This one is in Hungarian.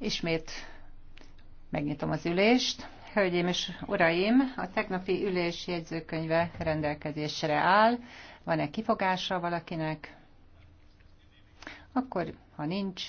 Ismét megnyitom az ülést. Hölgyeim és uraim, a tegnapi ülés jegyzőkönyve rendelkezésre áll. Van-e kifogása valakinek? Akkor, ha nincs,